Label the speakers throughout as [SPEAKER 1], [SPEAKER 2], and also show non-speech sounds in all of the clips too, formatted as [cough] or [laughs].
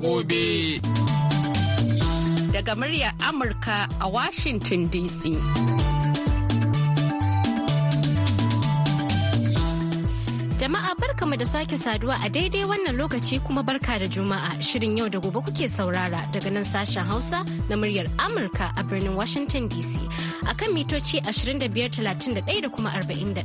[SPEAKER 1] gobe.
[SPEAKER 2] Daga muryar Amurka a Washington DC. Jama'a barkamu da sake saduwa a daidai wannan lokaci kuma barka da Juma'a shirin yau da gobe kuke saurara daga nan sashen Hausa na muryar Amurka a birnin Washington DC. akan mitoci 31 da kuma 41.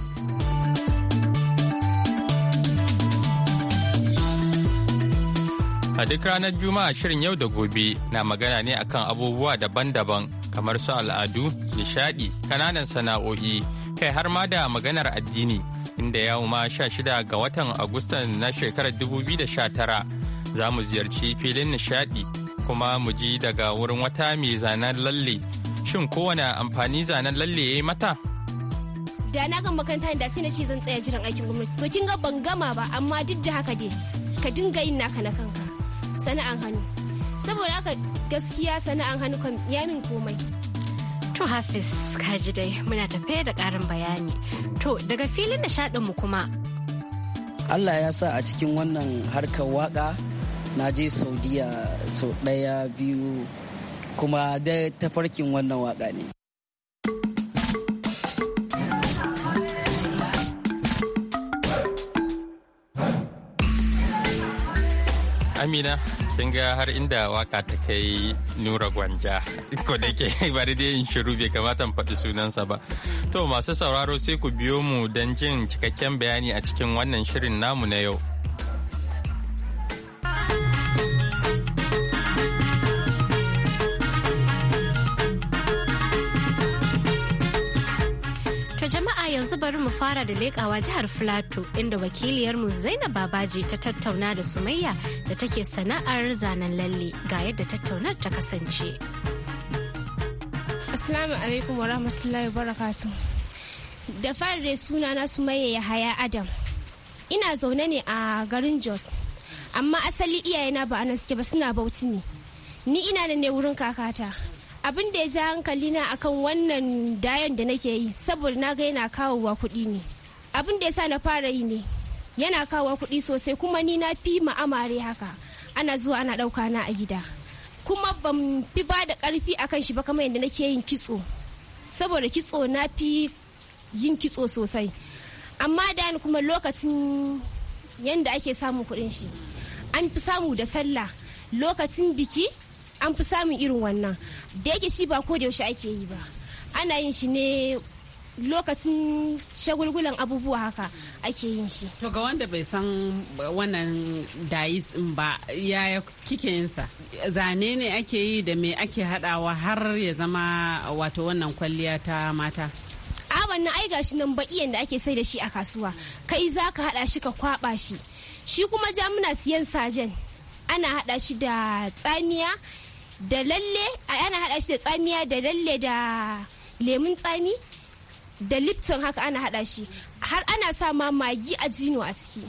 [SPEAKER 1] A duk ranar Juma'a shirin yau da gobe na magana ne akan abubuwa daban-daban kamar su al'adu, nishadi, kananan sana'o'i, kai har ma da maganar addini inda yau ma 16 ga watan Agustan na shekarar 2019 za mu ziyarci filin nishadi kuma mu ji daga wurin wata mai zanen lalle shin kowane amfani zanen lalle ya yi mata
[SPEAKER 3] da na gama makaranta da sai na ce zan tsaya jiran aikin gwamnati to kin ga ban gama ba amma duk da haka dai ka dinga yin naka na kanka sana'an hannu saboda aka
[SPEAKER 2] gaskiya sana'an hannu kan yamin komai to hafiz kaji dai muna tafe da karin bayani to daga filin da mu kuma
[SPEAKER 4] allah ya sa a cikin wannan harkar waƙa na je saudiya sau ɗaya biyu kuma da tafarkin wannan waka ne
[SPEAKER 1] Amina, kin ga har inda waka ta kai Nura Gwanja, ko da ke [laughs] bari dai in shiru bai kamata in faɗi sunansa ba. To masu sauraro sai ku biyo mu don jin cikakken bayani a cikin wannan shirin namu na yau.
[SPEAKER 2] bari mu fara da lekawa jihar Filato inda wakiliyarmu Zainab Babaji ta tattauna da Sumayya da take sana'ar zanen lalle ga yadda tattaunar ta kasance.
[SPEAKER 3] Assalamu alaikum wa rahmatullahi wa Da fari dai suna na Sumayya Yahaya Adam. Ina zaune ne a garin Jos. Amma asali iyayena ba anan suke ba suna bauchi ne. Ni ina da ne wurin kakata. abin da ya ja hankali na akan wannan dayan da nake yi saboda na ga yana kawowa kuɗi ne abin da ya sa na fara yi ne yana kawowa kuɗi sosai kuma ni na fi ma'amare haka ana zuwa ana ɗauka na a gida kuma ban fi ba da ƙarfi a kan shi ba kamar yadda nake yin kitso saboda kitso na fi yin kitso sosai amma da kuma lokacin yadda ake samun kuɗin shi an fi samu da sallah lokacin biki an fi samun irin wannan da yake shi ba ko da yaushe ake yi ba ana yin shi ne lokacin shagulgulan abubuwa haka ake yin
[SPEAKER 5] shi. To ga wanda bai san wannan dais in ba ya kike yinsa. Zane ne ake yi da me ake hadawa har ya zama wato wannan kwalliya ta mata.
[SPEAKER 3] A wannan ai gashi nan baƙiyan da ake sai da shi a kasuwa. Kai za ka hada shi ka kwaba shi. Shi kuma jamuna siyan sajen. Ana hada shi da tsamiya da lalle ana hada shi da tsamiya da lalle da lemun tsami da lipton haka ana hada shi har ana sa ma magi a zino a ciki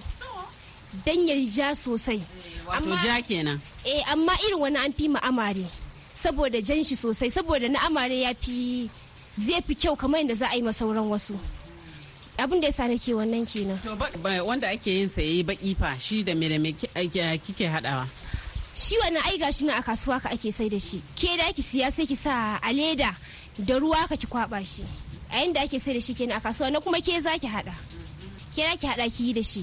[SPEAKER 3] dan ya ja sosai wato ja kenan eh amma irin wani an fi amare saboda jan shi sosai saboda na amare ya fi zai fi kyau kamar yadda za a yi sauran wasu abin da yasa nake wannan kenan
[SPEAKER 5] wanda ake yin sa yayi baki fa shi da mere da kike hadawa shi wannan ai gashi na a kasuwa ka
[SPEAKER 3] ake sai da shi ke da ki siya sai ki sa a leda da ruwa ka ki kwaba shi a yanda ake sai da shi kenan a kasuwa na kuma ke za ki hada ke za ki hada ki yi da shi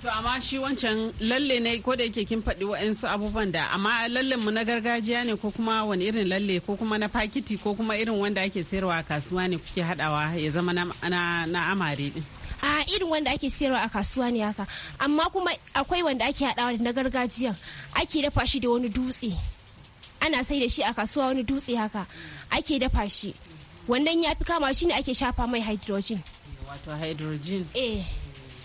[SPEAKER 5] to amma shi wancan lalle ne ko da yake kin faɗi wa'ansu abubuwan da amma lallen mu na gargajiya ne ko kuma wani irin lalle ko kuma na fakiti ko kuma irin wanda ake sayarwa a kasuwa ne kuke hadawa ya zama na amare din a irin wanda ake siyarwa a kasuwa ne haka amma
[SPEAKER 3] kuma akwai wanda ake haɗawa da na gargajiya ake dafa shi da wani dutse ana sai da shi a kasuwa wani dutse haka ake dafa shi wannan ya fi kama shi ne ake shafa mai hydrogen
[SPEAKER 5] wato hydrogen eh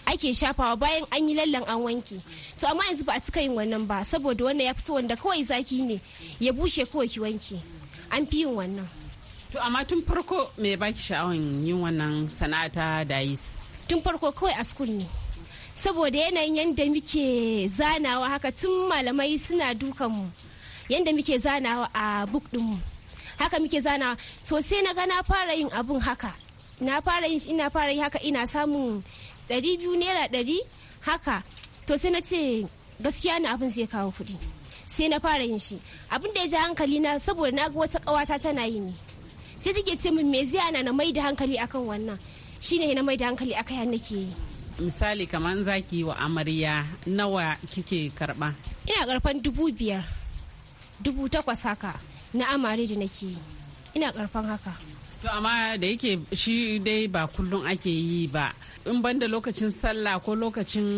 [SPEAKER 3] ake shafawa bayan an yi lallan an wanke to amma yanzu ba a cika yin wannan ba saboda wannan ya fito wanda kawai zaki ne ya bushe kawai ki wanke an fi yin wannan
[SPEAKER 5] to amma tun farko me baki sha'awan yin wannan sana'a ta dais
[SPEAKER 3] tun farko kawai a school ne saboda yanayin yadda muke zanawa haka tun malamai suna dukanmu yadda muke zanawa a book dinmu haka muke zanawa sosai na ga na fara yin abun haka na fara yin ina fara yi haka ina samun dari biyu naira dari haka to sai na ce gaskiya na abin zai kawo kuɗi sai na fara yin shi abin da ya ji hankali na saboda na ga wata ƙawata tana yi ne sai take ce min me zai ana na mai da hankali akan wannan shine na mai da hankali aka har nake yi
[SPEAKER 5] misali kamar za yi wa amarya nawa kike karba
[SPEAKER 3] ina karfan dubu biyar dubu takwas haka na amare da nake yi ina karfan haka
[SPEAKER 5] to amma da yake shi dai ba kullum ake yi ba in banda lokacin sallah ko lokacin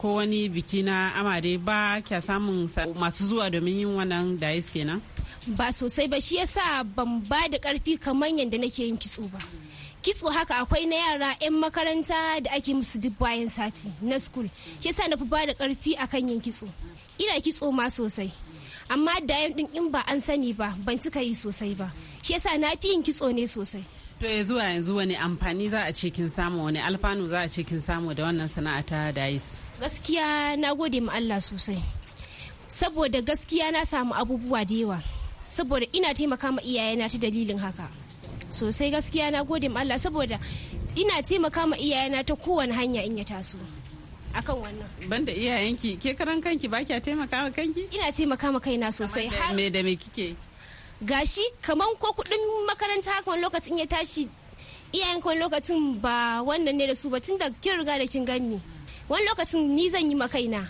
[SPEAKER 5] ko wani biki na amare ba kya samun masu zuwa domin yin wannan dais kenan
[SPEAKER 3] ba sosai ba shi yasa ban ba da karfi kamar yadda nake yin kitso ba kitso haka akwai na yara 'yan makaranta da ake musu duk bayan sati na school shi yasa na fi ba da karfi akan yin kitso ina kitso ma sosai amma da din in ba an sani ba ban cika yi sosai ba shi yasa na fi yin kitso ne sosai
[SPEAKER 5] to ya zuwa yanzu wani amfani za a ce kin samu wani alfanu za a ce kin samu da wannan sana'a ta dais
[SPEAKER 3] gaskiya na gode ma Allah sosai saboda gaskiya na samu abubuwa da yawa saboda ina taimaka ma iyayena ta dalilin haka sosai gaskiya na gode ma Allah saboda ina taimaka ma iyayena ta kowane hanya in ya taso akan wannan banda iyayenki ke karan kanki ba kya taimaka ma kanki ina taimaka ma kaina sosai har me da me kike gashi kaman ko kudin makaranta haka wani lokacin ya tashi iyayen wani lokacin ba wannan ne da su ba tun da kin riga da kin gani wani lokacin ni zan yi ma kaina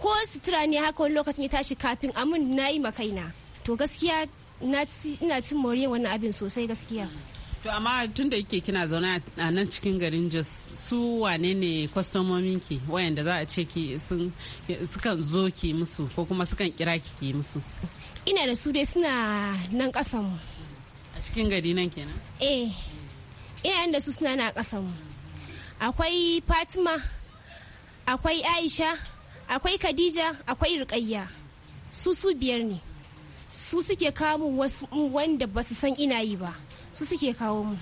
[SPEAKER 3] ko sutura ne haka wani lokacin ya tashi kafin amin na yi ma kaina to gaskiya ina cin moriyar wannan abin sosai gaskiya
[SPEAKER 5] to amma tun da yake kina zaune a nan cikin garin jos su wane ne kwastomomin ki wayanda za a ce ki sukan zo ki musu ko kuma sukan kira ki ki musu ina da
[SPEAKER 3] su dai suna nan kasanmu
[SPEAKER 5] a cikin gari nan kenan
[SPEAKER 3] eh ina da su suna na kasanmu akwai fatima akwai aisha akwai khadija akwai rukayya su su biyar ne su suke kawo wasu wanda ba su san ina yi ba su suke kawo mu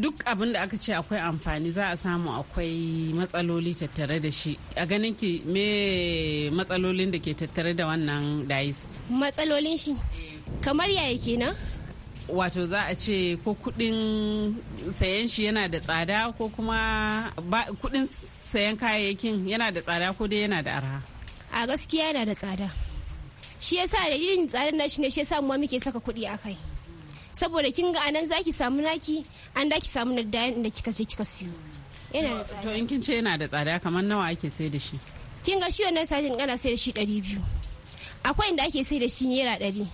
[SPEAKER 5] duk abin da aka ce akwai amfani za a samu akwai matsaloli tattare da shi a ganin ki me matsalolin da ke tattare da wannan dais matsalolin shi kamar yaya kenan wato za a ce ko kudin sayan shi yana da tsada ko kuma kudin sayan kayayyakin yana da tsada ko dai yana da arha a gaskiya yana da tsada shi yasa da yin tsarin nashi
[SPEAKER 3] ne shi yasa mu muke saka kuɗi a kai saboda kin ga anan zaki samu naki an da ki samu na dayan da kika je kika siyo
[SPEAKER 5] yana da tsada to in kin ce yana da tsada kamar nawa ake sai da shi
[SPEAKER 3] kin ga shi wannan sajin kana sai da shi ɗari biyu akwai inda ake sai da shi naira ɗari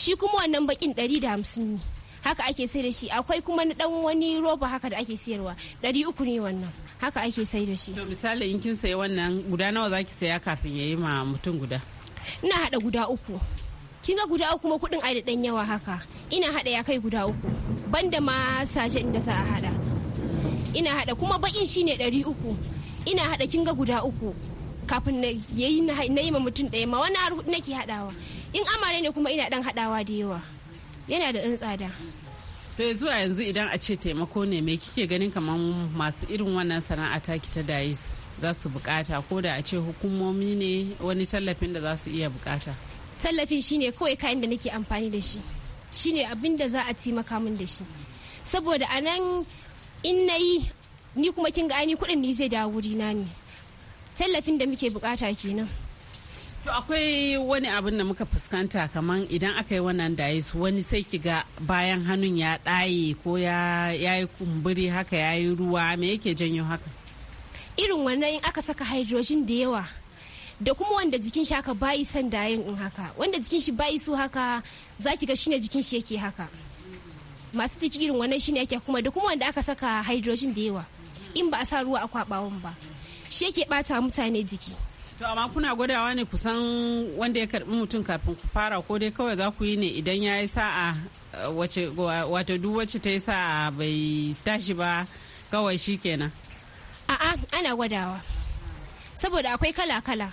[SPEAKER 3] shi kuma wannan bakin ɗari da hamsin ne haka ake sai da shi akwai kuma na dan wani roba haka da ake sayarwa ɗari uku ne wannan haka ake sai da shi to
[SPEAKER 5] misali in kin sayi wannan guda nawa zaki saya kafin yayi ma mutum guda
[SPEAKER 3] ina hada guda uku kin ga guda uku ma kudin ai da dan yawa haka ina hada ya kai guda uku banda ma sace inda za hada ina hada kuma bakin shine ɗari uku ina hada kin ga guda uku kafin na yayi na yi ma mutum daya ma wani har hudu nake hadawa in amare ne kuma ina dan hadawa da yawa yana da dan tsada
[SPEAKER 5] to zuwa yanzu idan a ce taimako ne me kike ganin kamar masu irin wannan sana'a ta ki ta dais za su bukata ko da a ce hukumomi ne wani tallafin da za su iya bukata
[SPEAKER 3] tallafi shine kawai kayan da nake amfani da shi shine abin da za a taimaka min da shi saboda a nan in na yi ni kuma kin ga ni kuɗin ne zai dawo wuri na ne tallafin da muke bukata kenan
[SPEAKER 5] To akwai wani abin da muka fuskanta kamar idan aka yi wannan dais wani sai ki ga bayan hannun ya ɗaye ko ya yi kumburi haka ya yi ruwa me yake janyo haka? irin wannan in aka saka hydrogen da
[SPEAKER 3] yawa da kuma wanda jikin shi haka bayi son dayin in haka wanda jikin shi bayi su haka za ki ga shine jikin shi yake haka masu jiki irin wannan shine yake kuma da kuma wanda aka saka hydrogen da yawa in ba a sa ruwa a kwabawan ba shi yake bata mutane jiki
[SPEAKER 5] to amma kuna gwadawa ne kusan wanda ya karbi mutum kafin ku fara ko dai kawai za ku yi ne idan ya yi sa'a eh, wato duk wacce ta yi sa'a bai tashi ba kawai shi kenan
[SPEAKER 3] a'a ana gwadawa saboda akwai kala-kala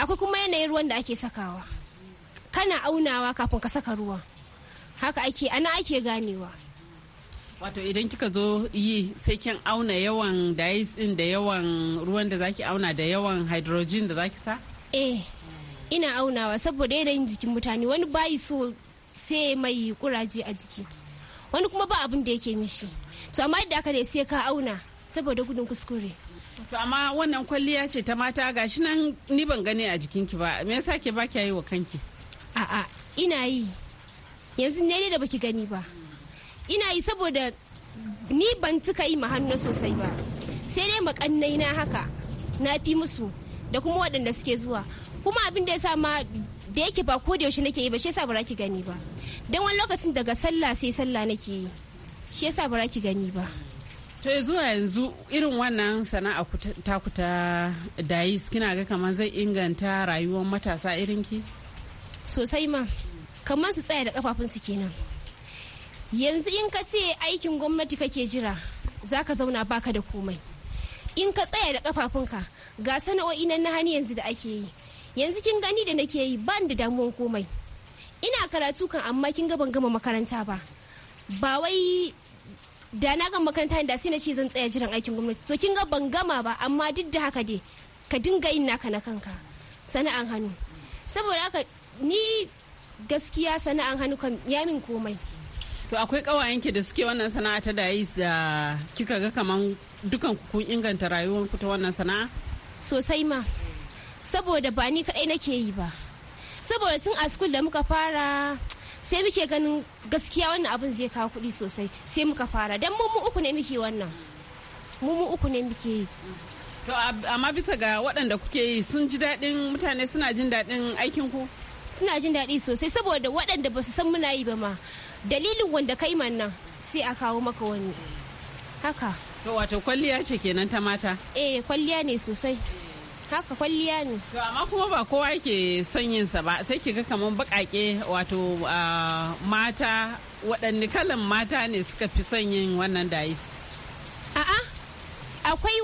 [SPEAKER 3] akwai kuma yanayin ruwan da ake sakawa kana aunawa kafin ka saka ruwa haka ake ana ake ganewa
[SPEAKER 5] wato idan kika zo yi sai kin auna yawan dais din da yawan ruwan da zaki auna da yawan hydrogen da zaki sa eh
[SPEAKER 3] ina aunawa saboda yanayin jikin mutane wani bayi so sai mai kuraje a jiki wani kuma ba abin da yake mishi to amma idan aka dai sai ka auna saboda gudun kuskure
[SPEAKER 5] to amma wannan kwalliya ce ta mata gashi nan ni ban gani a jikinki ba me yasa ke ba yi wa kanki a'a ina yi yanzu ne da baki gani ba ina yi saboda ni
[SPEAKER 3] ban cika yi hannu sosai ba sai dai makannai na haka na fi musu da kuma waɗanda suke zuwa kuma abin da ya sa ma da yake ba ko da yaushe nake yi ba shi yasa ba ki gani ba dan wani lokacin daga sallah sai sallah nake yi shi yasa ba ki gani ba
[SPEAKER 5] to zuwa yanzu irin wannan sana'a taku ta dayis kina ga kamar zai inganta rayuwar matasa irin ki sosai ma
[SPEAKER 3] kamar su tsaya da kafafunsu kenan yanzu in ka ce aikin gwamnati kake jira za ka zauna baka da komai in ka tsaya da kafafunka ga sana'o'i nan na hannu yanzu da ake yi yanzu kin gani da nake yi ban da damuwan komai ina karatu kan amma kin ga ban gama makaranta ba ba wai da na gama makaranta da sai na ce zan tsaya jiran aikin gwamnati to kin ga ban gama ba amma duk da haka dai ka dinga yin naka na kanka sana'an hannu saboda haka ni gaskiya sana'an hannu kan ya min komai
[SPEAKER 5] to akwai kawayenki da suke wannan sana'a ta dais da kika ga kaman dukan kun inganta rayuwarku ta wannan sana'a
[SPEAKER 3] sosai ma saboda ba ni kadai nake yi ba saboda sun a school da muka fara sai muke ganin gaskiya wannan abin zai kawo kuɗi sosai sai muka fara don mu uku ne muke wannan mu uku ne muke yi
[SPEAKER 5] to amma bisa ga waɗanda kuke yi sun ji daɗin mutane suna jin daɗin aikin ku suna jin daɗi sosai saboda
[SPEAKER 3] waɗanda ba su san muna yi ba ma dalilin wanda kai man nan sai a kawo maka wani
[SPEAKER 5] haka to wato kwalliya ce kenan ta mata eh kwalliya ne sosai haka kwalliya ne to amma kuma ba kowa yake son yin sa ba sai ga kaman bakake wato mata waɗanne kalan mata ne suka fi son yin wannan dais a'a akwai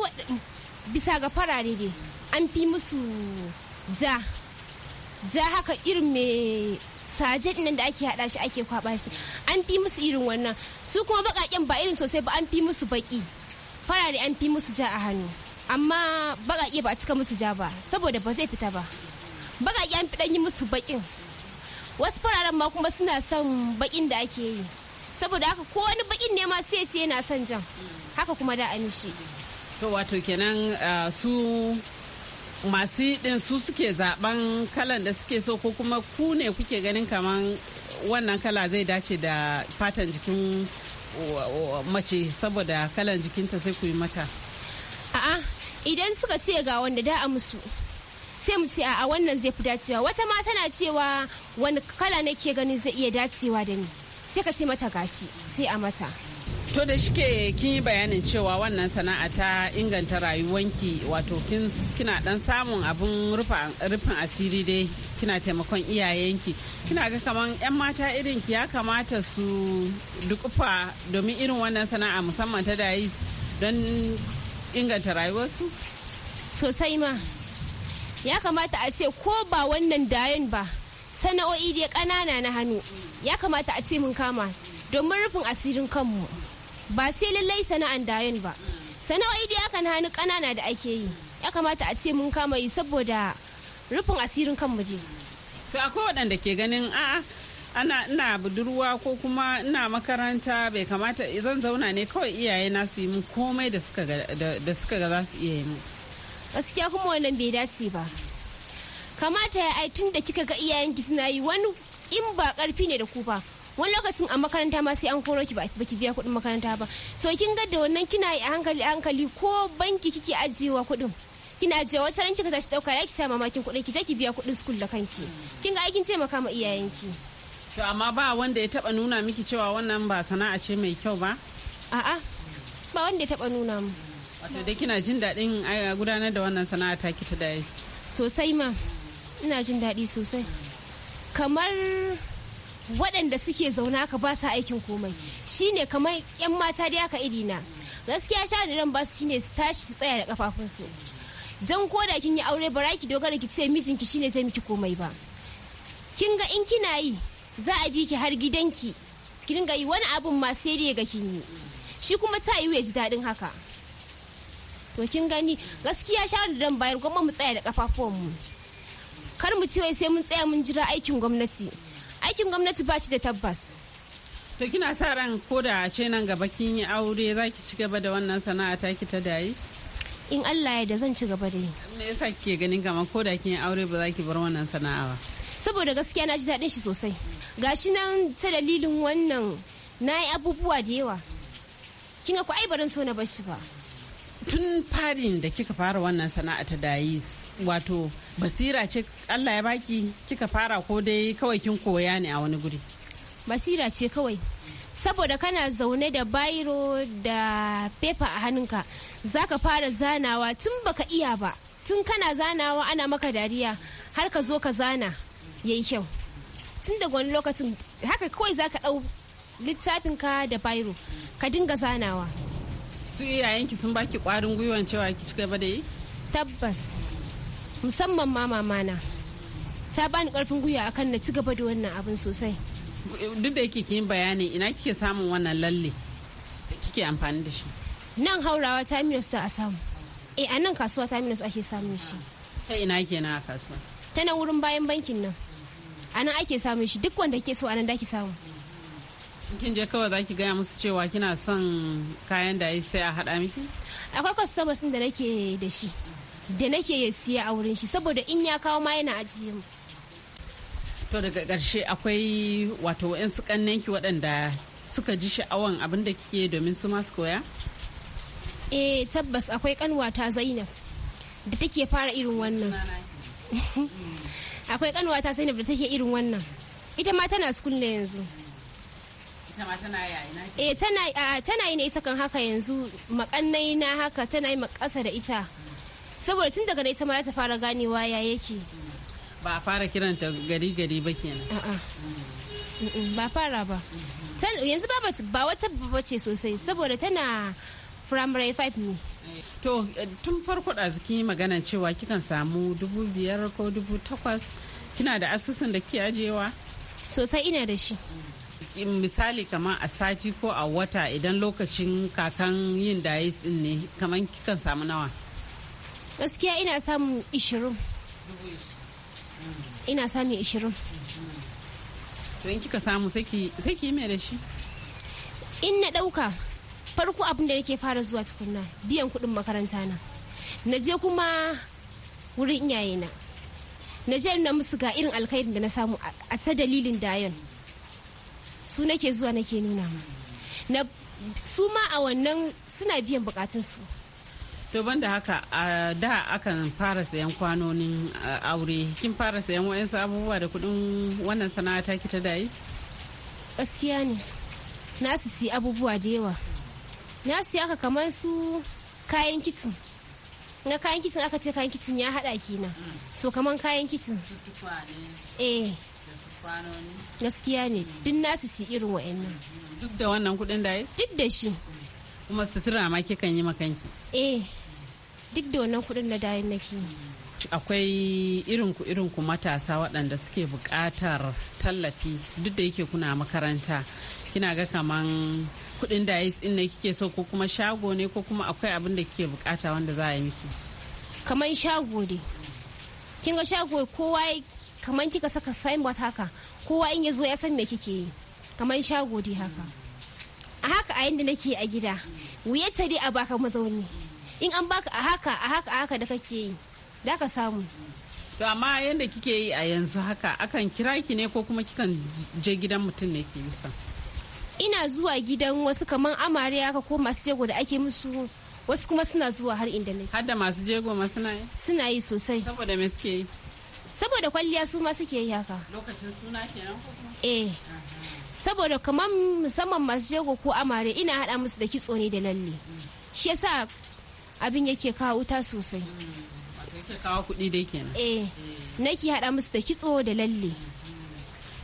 [SPEAKER 5] bisa ga farare dai an fi
[SPEAKER 3] musu ja ja haka irin mai saje nan da ake haɗa shi ake kwaba shi an fi musu irin wannan su kuma bakaken ba irin sosai ba an fi musu baki farare an fi musu ja a hannu amma baƙaƙe ba a cika musu ja ba saboda ba zai fita ba baƙaƙe an fi yi musu baƙin wasu fararen ma kuma suna son baƙin da ake yi saboda haka ko wani baƙin ne ma sai ce yana son jan haka kuma da an shi
[SPEAKER 5] to wato kenan ah, su masu din su suke zaben kalan da suke so ko kuma ku ne kuke ganin kaman wannan kala zai dace da fatan jikin mace saboda kalan jikinta sai ku yi mata
[SPEAKER 3] idan suka ce ga wanda da a musu sai mu ce a wannan zai fi dacewa wata ma tana cewa wani kala nake ganin zai iya dacewa da ni sai ka ce mata gashi sai a mata
[SPEAKER 5] to da shike kin yi bayanin cewa wannan sana'a ta inganta rayuwanki wato kina dan samun abin rufin asiri dai kina taimakon iyayenki kina ga kaman yan mata irin ki ya kamata su dukufa domin irin wannan sana'a musamman ta dais don inganta rayuwarsu? Sosai ma.
[SPEAKER 3] Ya kamata a ce ko ba wannan dayan ba sana'o'i da kanana na hannu ya kamata a ce mun kama domin rufin asirin kanmu ba sai lallai sana'an dayan ba sana'o'i aka na hannu ƙanana da ake yi ya kamata a ce mun kama yi saboda rufin asirin kanmu je.
[SPEAKER 5] To akwai waɗanda ke ganin a'a ana ina budurwa ko kuma ina makaranta bai kamata zan zauna ne kawai iyaye na su yi min komai da suka ga za su iya yi min
[SPEAKER 3] gaskiya kuma wannan bai dace ba kamata ya ai tun da kika ga iyayenki suna yi wani in ba karfi ne da ku ba wani lokacin a makaranta ma sai an koro ki ba ki biya kuɗin makaranta ba so kin ga da wannan kina yi a hankali a hankali ko banki kike ajiyewa kuɗin kina ajiyewa wata ran kika tashi dauka ya ki sa mamakin kuɗin ki je ki biya kuɗin school da kanki kin ga aikin taimaka ma iyayenki
[SPEAKER 5] to amma ba wanda ya taba nuna miki cewa wannan ba sana'a ce mai kyau ba a'a
[SPEAKER 3] ba wanda ya taba nuna mu
[SPEAKER 5] wato da kina jin daɗin eh, gudanar da wannan sana'a ta ki ta dais.
[SPEAKER 3] sosai ma ina jin daɗi sosai kamar waɗanda suke zauna ka ba su aikin komai shine kamar 'yan mata da dai iri irina gaskiya shaniran ba su shine su tashi su tsaya da kafafunsu don ko da kin yi aure bara ki dogara ki ce mijinki shine zai miki komai ba kin ga in kina yi za a bi ki har gidanki ki dinga yi wani abin ma sai dai ga kin yi shi kuma ta yi ya ji dadin haka to kin gani gaskiya shawar da dan bayar gwamma mu tsaya da kafafuwanmu kar mu ce sai mun tsaya mun jira aikin gwamnati aikin gwamnati ba shi da tabbas
[SPEAKER 5] to kina sa ran ko da ce nan gaba kin yi aure za ki ci gaba da wannan sana'a ta ki ta dais in Allah ya da zan ci gaba da yi me yasa kike ganin kamar ko da kin yi aure ba za ki bar wannan sana'a ba saboda gaskiya na ji daɗin shi sosai
[SPEAKER 3] gashi nan ta dalilin wannan na yi abubuwa da yawa kinga ku ai barin so na bashi ba
[SPEAKER 5] tun farin da kika fara wannan sana'a ta dayi wato basira ce Allah ya baki kika fara ko dai kawai kin koya ne a wani guri
[SPEAKER 3] basira ce kawai saboda kana zaune da bairo da pepa a hannunka za ka fara zanawa tun baka iya ba tun kana zanawa ana maka dariya har ka zo ka zana yayi kyau tun daga wani lokacin haka kawai za ka ɗau littafinka da biro ka dinga zanawa
[SPEAKER 5] su iyayenki sun baki ƙwarin gwiwan cewa ki cika gaba da yi
[SPEAKER 3] tabbas musamman ma mamana ta bani ƙarfin gwiwa akan na ci gaba da wannan abin sosai
[SPEAKER 5] duk da yake kin bayani ina kike samun wannan lalle kike amfani da shi
[SPEAKER 3] nan haurawa ta minus ta a samu eh a nan kasuwa ta minus ake samun shi
[SPEAKER 5] ta ina kenan a kasuwa
[SPEAKER 3] tana wurin bayan bankin nan anan ake samun shi duk wanda ke so anan da ki samu
[SPEAKER 5] kin je kawai za ki gaya musu cewa kina son kayan da sai a haɗa miki
[SPEAKER 3] akwai customers da nake da shi da nake ya siya a wurin shi saboda in ya kawo ma yana ajiye mu
[SPEAKER 5] to daga ƙarshe akwai wato su ki waɗanda suka ji sha'awan abin da kike domin su masu koya
[SPEAKER 3] eh tabbas akwai kanwata zainab da take fara irin wannan [laughs] akwai kanuwa ta sani da take irin wannan ita ma tana school ne yanzu tana yi eh tana tana yi ne ita kan haka yanzu makannai na haka tana yi makasa da ita saboda tun daga ita ma ta fara ganewa ya yake
[SPEAKER 5] ba a fara kiranta gari gari ba kenan
[SPEAKER 3] ba fara ba yanzu ba ba wata ba ce sosai saboda tana primary 5 ne
[SPEAKER 5] To tun farko ɗazuki magana cewa kikan samu dubu biyar ko dubu takwas kina da asusun da ke ajiyewa? Sosai ina da shi. misali kamar a sati ko a wata idan lokacin kakan yin ya din ne kamar kikan samu nawa
[SPEAKER 3] gaskiya ina samu ishirin ina samu ishirin
[SPEAKER 5] to in kika samu sai ki yi mai da shi in na ɗauka farko abin da
[SPEAKER 3] yake fara zuwa tukunna biyan kuɗin makaranta na na je kuma wurin iyaye na na je na musu ga irin alkhairin da na samu a ta dalilin dayon su nake zuwa nake nuna mu na su ma a wannan suna biyan bukatunsu
[SPEAKER 5] to da haka a da akan fara sayan kwanonin aure kin fara sayan wayan abubuwa da kudin wannan sana'a ta ki ta dais
[SPEAKER 3] gaskiya ne na su si abubuwa da yawa na siya ka kamar su kayan kitin na kayan kitin aka ce kayan kitin ya hada kenan to kamar kayan kitin eh gaskiya ne duk nasu shi irin wa'annan duk da wannan kudin da duk da shi
[SPEAKER 5] kuma sutura ma kikan yi makanki
[SPEAKER 3] eh duk da wannan kudin na dayan nake
[SPEAKER 5] akwai irin ku irin ku matasa waɗanda suke buƙatar tallafi duk da yake kuna makaranta kina ga kaman kuɗin dais ɗin ne kike so ko kuma shago ne ko kuma akwai abin da kike bukata wanda za a yi miki kamar shago ne
[SPEAKER 3] kin ga shago kowa kamar kika saka signboard haka kowa in ya zo ya san me kike yi kamar shago dai haka a haka a yanda nake a gida wuya ta dai a baka mazauni in an baka a haka a haka a haka da kake yi da ka samu
[SPEAKER 5] to amma yanda kike yi a yanzu haka akan kira ki ne ko kuma kikan je gidan mutum ne ke yi
[SPEAKER 3] ina zuwa gidan wasu kamar amariya ka ko masu jego da ake musu wasu kuma suna zuwa har inda ne hadda masu
[SPEAKER 5] jego ma suna yi
[SPEAKER 3] suna yi sosai saboda me suke yi saboda kwalliya su ma suke yi haka
[SPEAKER 5] lokacin suna kenan ko kuma
[SPEAKER 3] eh saboda kamar musamman masu jego ko amare ina hada musu da kitso ne da lalle shi yasa abin yake kawo wuta sosai mm.
[SPEAKER 5] yake kawo kuɗi dai kenan
[SPEAKER 3] eh nake hada musu da kitso da lalle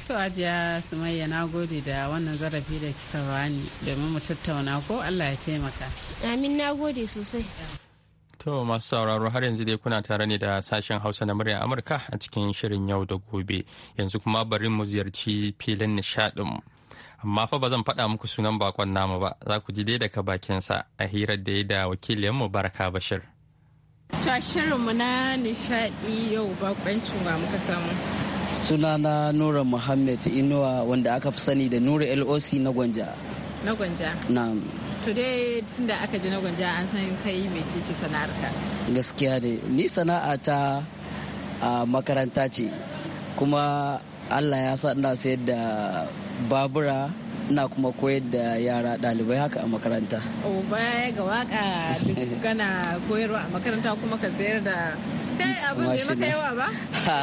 [SPEAKER 5] To ajiya Sumayya na gode da wannan zarafi da kika bani domin mu tattauna ko Allah ya taimaka. Amin na gode sosai.
[SPEAKER 1] To masu sauraro har yanzu dai kuna tare ne da sashen Hausa na murya Amurka a cikin shirin yau da gobe. Yanzu kuma bari mu ziyarci filin nishaɗin. Amma fa ba zan faɗa muku sunan bakon namu ba, za ku ji dai daga bakin sa a hirar da ya da mu Baraka Bashir.
[SPEAKER 4] Ta shirinmu na nishaɗi yau bakoncin wa muka samu. sunana nura muhammed inuwa wanda aka fi sani da nura loc na gwanja na gwanja na
[SPEAKER 5] Today tun da aka ji na gwanja an san kai mai ce sana'arka
[SPEAKER 4] gaskiya ne ni sana'a ta a makaranta ce kuma allah ya sa ina sayar da babura ina kuma koyar da yara ɗalibai haka a makaranta. Oh, baya
[SPEAKER 5] ga waka duk gana koyarwa a makaranta kuma ka sayar da ba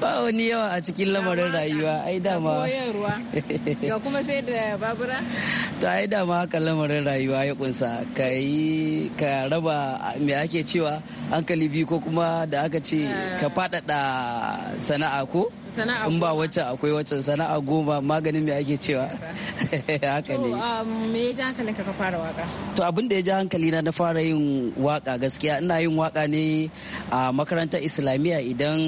[SPEAKER 4] ba yawa a cikin lamarin rayuwa ai dama [laughs]
[SPEAKER 5] ga kuma sai da babura
[SPEAKER 4] to ai dama haka lamarin rayuwa ya kunsa ka ka raba me ake cewa hankali biyu ko kuma da aka ce eh. ka faɗaɗa sana'a ko sana'a ba wacce akwai wacce sana'a goma maganin me ake cewa [laughs] haka ne to
[SPEAKER 5] um, me ya ji hankalin ka fara waka
[SPEAKER 4] to abin da ya ji hankali na na fara yin waka gaskiya ina yin waka ne a makarantar islamiyya idan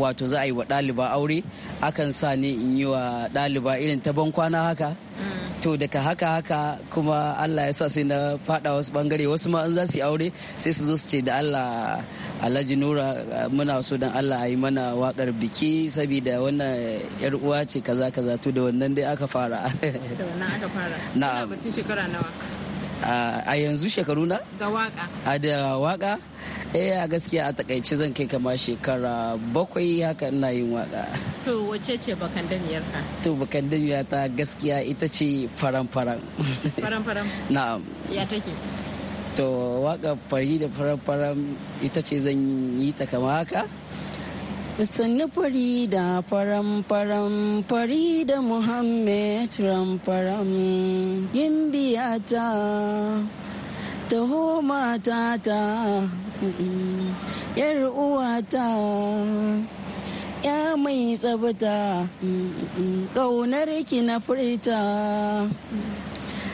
[SPEAKER 4] wato za a yi wa ɗaliba aure akan sa ni in yi wa ɗaliba irin ta ban kwana haka mm. to daga haka haka kuma allah ya sa sai na faɗa wasu bangare wasu ma an za su yi aure sai su zo su ce da allah alhaji nura muna so dan allah a yi mana wakar biki saboda wannan yar uwa ce kaza kaza to da wannan dai aka fara da wannan
[SPEAKER 5] aka fara [laughs] na'am batun shekara nawa
[SPEAKER 4] a yanzu shekaru na
[SPEAKER 2] da waka a
[SPEAKER 4] da waka eh a gaskiya a takaice zan kai kama shekara bakwai haka ina yin waka
[SPEAKER 2] to wace ce bakan damiyar ka
[SPEAKER 4] to bakan damiyar ta gaskiya ita ce faran faran faran faran [laughs] na'am ya take to waka fari da farar ita ce zan yi ta kama haka sannu fari da faram faram fari da muhammed ramfaram faram yin biyata taho ta, yar uwata ya mai tsabta ƙaunar ki na furta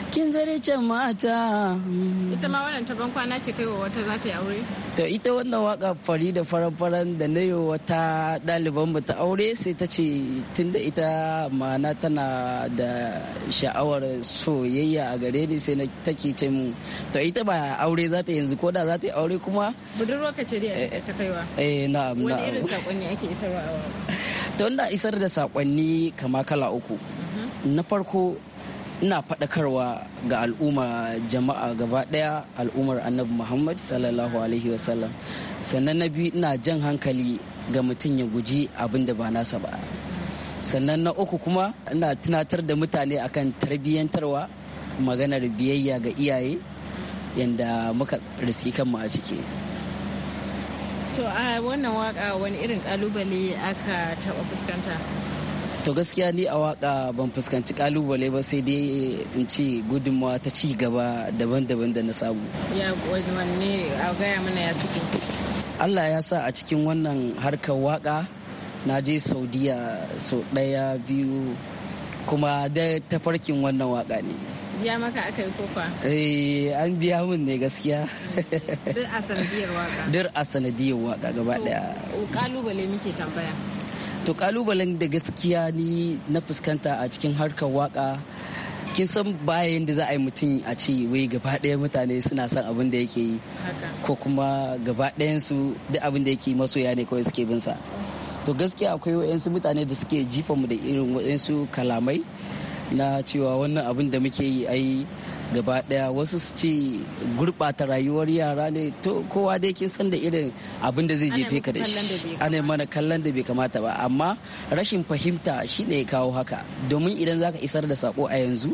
[SPEAKER 4] kin zaricen mata.
[SPEAKER 2] Ita ma wannan ta kwana ce kai wa wata za ta yi aure?
[SPEAKER 4] To ita wannan waka fari da faran-faran da na yi wata ɗaliban ba ta aure sai ta ce tunda ita ma'ana tana da sha'awar soyayya a gare ni sai ta ke ce mu. To ita ba aure za ta yanzu ko da za ta yi aure kuma.
[SPEAKER 5] Budurwa ka ce dai a eh, ta kaiwa.
[SPEAKER 4] Eh na'am na'am. Wani irin
[SPEAKER 5] saƙonni ake isarwa a
[SPEAKER 4] To wanda isar da saƙonni kama kala uku. Mhm. Na farko ina faɗakarwa ga al'umma jama'a gaba ɗaya al'ummar annabi muhammad sallallahu alaihi wasallam sannan na biyu ina jan hankali ga mutum ya guji abin da ba nasa ba sannan na uku kuma ina tunatar da mutane akan tarbiyyantarwa maganar biyayya ga iyaye yadda muka riski kanmu a ciki
[SPEAKER 2] to a wannan waka wani irin kalubale aka taɓa fuskanta
[SPEAKER 4] to gaskiya ni a waka ban fuskanci kalubale ba sai dai in ce gudunmawa ta ci gaba daban-daban da na samu ya wani a gaya mana ya suke allah ya sa a cikin wannan harkar waka na je saudiya so daya biyu kuma da tafarkin wannan waka ne
[SPEAKER 5] biya maka aka yi kofa?
[SPEAKER 4] Eh, an biya mun ne gaskiya.
[SPEAKER 5] Dir a sanadiyar
[SPEAKER 4] waka. Dir a sanadiyar waka gaba daya.
[SPEAKER 5] Kalubale muke tambaya.
[SPEAKER 4] to kalubalen da gaskiya ni na fuskanta a cikin harkar waka kin san bayan da za a yi mutum a ce wai gaba ɗaya mutane suna son abin da yake yi ko kuma gaba ɗayansu duk abin da yake masoya ne kawai suke bin sa to gaskiya akwai wayansu mutane da suke jifa mu da irin wayansu kalamai na cewa wannan abin da muke yi ai gaba daya wasu su ce gurbata rayuwar yara ne to kowa dai kin san da irin abin da zai jefe ka da shi ana mana kallon da bai kamata ba amma rashin fahimta shi ne ya kawo haka domin idan zaka isar da sako a yanzu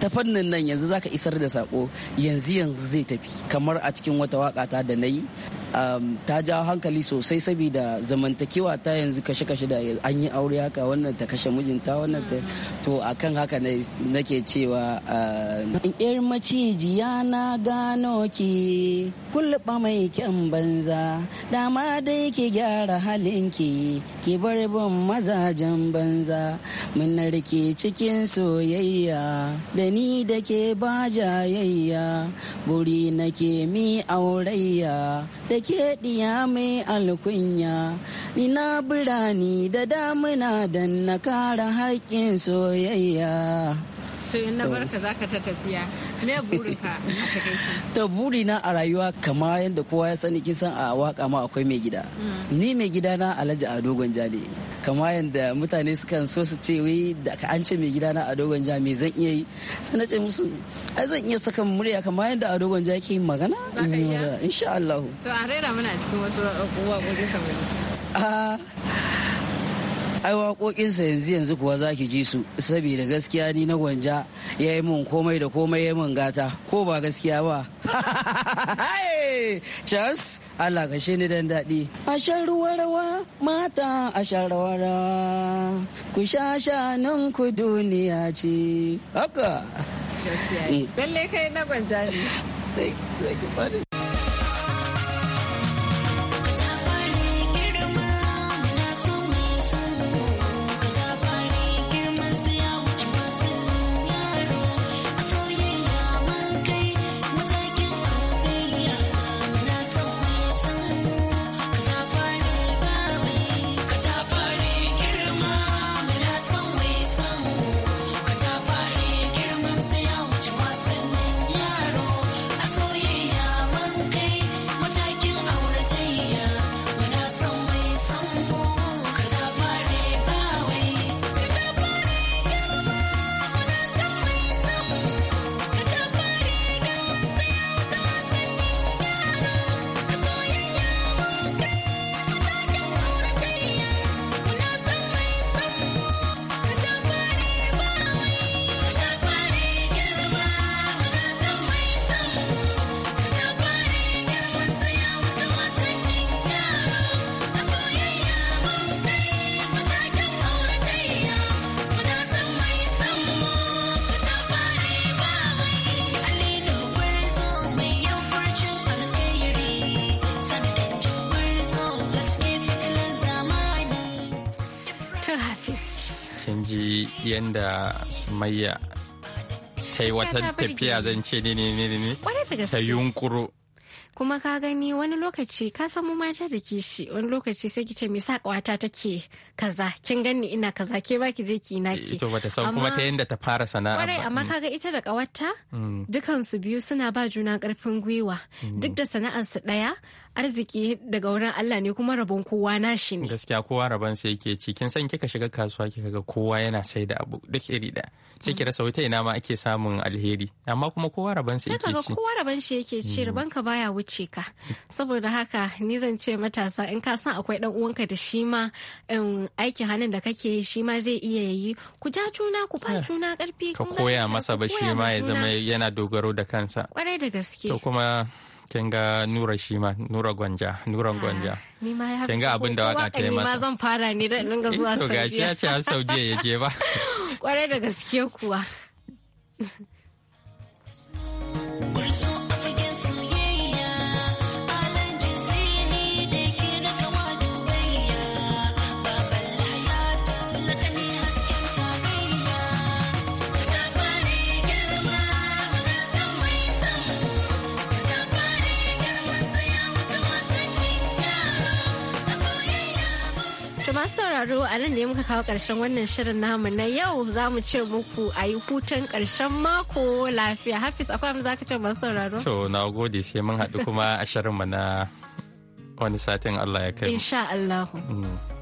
[SPEAKER 4] ta fannin nan yanzu zaka isar da sako yanzu yanzu zai tafi kamar a cikin wata waka ta da nayi ta jawo hankali sosai saboda zamantakewa ta yanzu kashe-kashe da an yi aure haka wannan ta kashe mijinta wannan ta to a kan haka nake cewa yar maciji ya na gano ki kulluɓa mai kyan banza dama dai ki gyara halin ki bar bin mazajen banza mun rike cikin soyayya da ni da ke ba jayayya buri nake mi aurayya da ke ɗiya mai alkunya ni na birani da damuna don na kara haƙƙin soyayya
[SPEAKER 2] to in na barka ka ta tafiya me burinka [laughs] a
[SPEAKER 4] takaice to buri na a rayuwa kama yadda kowa ya sani kin san a waka ma akwai mai gida mm. ni mai gida na Alhaji Ado Gwanja ne kama yadda mutane sukan so su ce wai da ka an ce mai gida na Ado Gwanja me zan iya yi sai na ce musu ai zan iya saka murya kama yadda Ado Gwanja yake yin magana insha Allah
[SPEAKER 5] to a rera muna cikin wasu waƙoƙi
[SPEAKER 4] saboda ai sa yanzu yanzu kuwa za ki ji su saboda gaskiya ni na gwanja ya yi mun komai da komai ya yi mun gata ko ba gaskiya ba [laughs] chance Allah ka shi ni dan daɗi a shan ruwa rawa mata a shan rawa rawa ku sha nan ku duniya ce haka mm.
[SPEAKER 5] lallai kai na gwanja ne
[SPEAKER 1] yadda sumayya ta yi wata tafiya zan ce ne ne ne
[SPEAKER 2] ne ta yunkuro kuma ka gani wani lokaci ka samu mata da kishi wani lokaci sai ki ce me sa kwata take kaza kin gani ina kaza ke ba ki je ki na ki to bata san kuma ta yanda
[SPEAKER 1] ta fara sana'a kwarai amma mm. kaga
[SPEAKER 2] ita da kawarta mm. dukansu biyu suna ba juna karfin gwiwa mm. duk da sana'ar su daya arziki daga wurin Allah ne kuma rabon kowa na shi ne
[SPEAKER 1] gaskiya kowa rabon sai yake ci kin san kika shiga kasuwa kika ga kowa yana sai da abu duk iri da sai ki rasa wata ina ma ake samun alheri amma kuma kowa rabon sai yake ci sai kowa
[SPEAKER 2] rabon shi yake ci mm. rabon ka baya wuce ka saboda haka ni zan ce matasa in ka san akwai dan uwanka da shi ma um, aikin hannun da kake shi ma zai iya yi ku ja juna ku ba ah, juna karfi ka koya masa ba shi ma ya zama yana
[SPEAKER 1] dogaro da kansa
[SPEAKER 2] kwarai da gaske to
[SPEAKER 1] kuma kin ga nura shi ma nura gwanja nura ah, gwanja
[SPEAKER 2] kin ga abin da waka ta yi masa zan fara ne da dinga eh, zuwa saudiya to gashi ya ce har saudiya ya je ba [laughs] kwarai da gaske kuwa [laughs] sauraro a nan da ya muka kawo ƙarshen wannan shirin namu na yau za mu ce muku a yi hutun ƙarshen mako lafiya. Hafiz akwai za ka ce masu sauraro?
[SPEAKER 1] To na gode sai mun haɗu kuma a shirinmu na wani satin Allah ya kai.
[SPEAKER 2] Insha Allah. Mm.